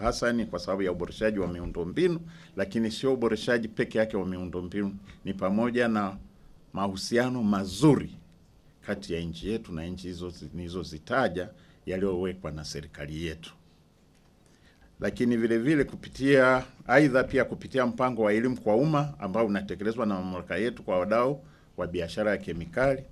hasani kwa sababu ya uboreshaji wa miundombinu, lakini sio uboreshaji peke yake wa miundombinu, ni pamoja na mahusiano mazuri kati ya nchi yetu na nchi hizo nilizozitaja yaliyowekwa na serikali yetu. Lakini vile vile kupitia aidha, pia kupitia mpango wa elimu kwa umma ambao unatekelezwa na mamlaka yetu kwa wadau wa biashara ya kemikali,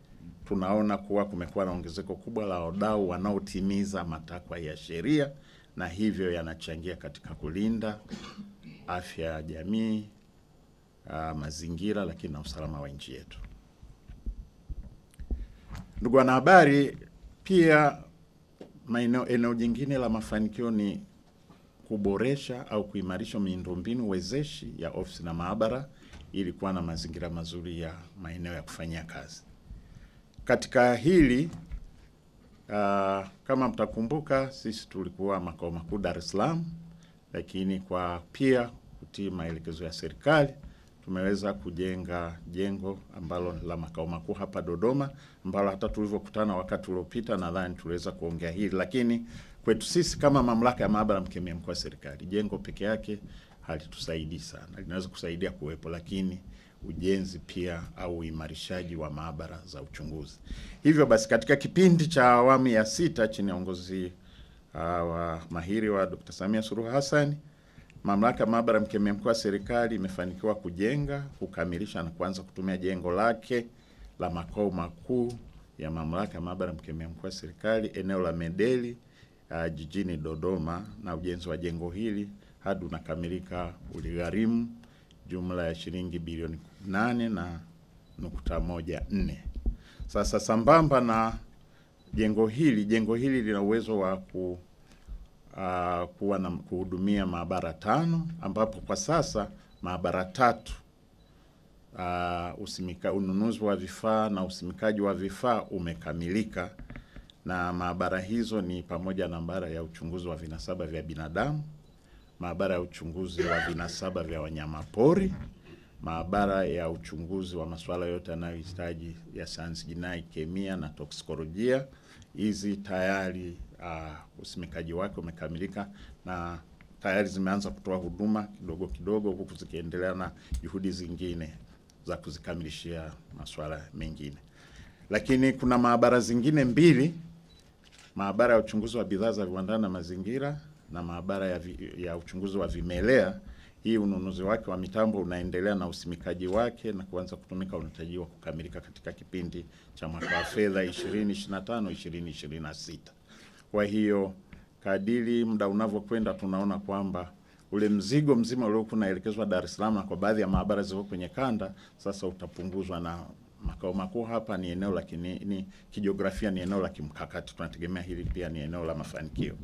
tunaona kuwa kumekuwa na ongezeko kubwa la wadau wanaotimiza matakwa ya sheria na hivyo yanachangia katika kulinda afya ya jamii, ah, mazingira, lakini na usalama wa nchi yetu. Ndugu wanahabari, pia maeneo eneo jingine la mafanikio ni kuboresha au kuimarisha miundombinu wezeshi ya ofisi na maabara ili kuwa na mazingira mazuri ya maeneo ya kufanyia kazi. Katika hili Uh, kama mtakumbuka sisi tulikuwa makao makuu Dar es Salaam, lakini kwa pia kutii maelekezo ya serikali tumeweza kujenga jengo ambalo la makao makuu hapa Dodoma, ambalo hata tulivyokutana wakati uliopita nadhani tuliweza kuongea hili, lakini kwetu sisi kama mamlaka ya maabara mkemia mkuu wa serikali, jengo peke yake halitusaidii sana, linaweza kusaidia kuwepo lakini ujenzi pia au uimarishaji wa maabara za uchunguzi. Hivyo basi katika kipindi cha awamu ya sita chini ya uongozi uh, wa mahiri wa Dr. Samia Suluhu Hassan, mamlaka ya maabara mkemia mkuu wa serikali imefanikiwa kujenga, kukamilisha na kuanza kutumia jengo lake la makao makuu ya mamlaka ya maabara mkemia mkuu wa serikali eneo la Medeli uh, jijini Dodoma, na ujenzi wa jengo hili hadi unakamilika uligharimu jumla ya shilingi bilioni nane na nukta moja nne. Sasa sambamba na jengo hili, jengo hili lina uwezo wa ku, uh, kuwa na kuhudumia maabara tano ambapo kwa sasa maabara tatu uh, usimika, ununuzi wa vifaa na usimikaji wa vifaa umekamilika, na maabara hizo ni pamoja na maabara ya uchunguzi wa vinasaba vya binadamu maabara ya uchunguzi wa vinasaba vya wanyamapori, maabara ya uchunguzi wa masuala yote yanayohitaji ya sayansi jinai, kemia na toksikolojia. Hizi tayari uh, usimikaji wake umekamilika na tayari zimeanza kutoa huduma kidogo kidogo, huku zikiendelea na juhudi zingine za kuzikamilishia masuala mengine. Lakini kuna maabara zingine mbili, maabara ya uchunguzi wa bidhaa za viwandani na mazingira na maabara ya, vi, ya uchunguzi wa vimelea. Hii ununuzi wake wa mitambo unaendelea na usimikaji wake na kuanza kutumika unatarajiwa kukamilika katika kipindi cha mwaka wa fedha 2025 2026. Kwa hiyo kadiri muda unavyokwenda, tunaona kwamba ule mzigo mzima uliokuwa unaelekezwa Dar es Salaam na kwa baadhi ya maabara zilizo kwenye kanda sasa utapunguzwa na makao makuu hapa ni eneo la kijiografia ni eneo la kimkakati. Tunategemea hili pia ni eneo la mafanikio.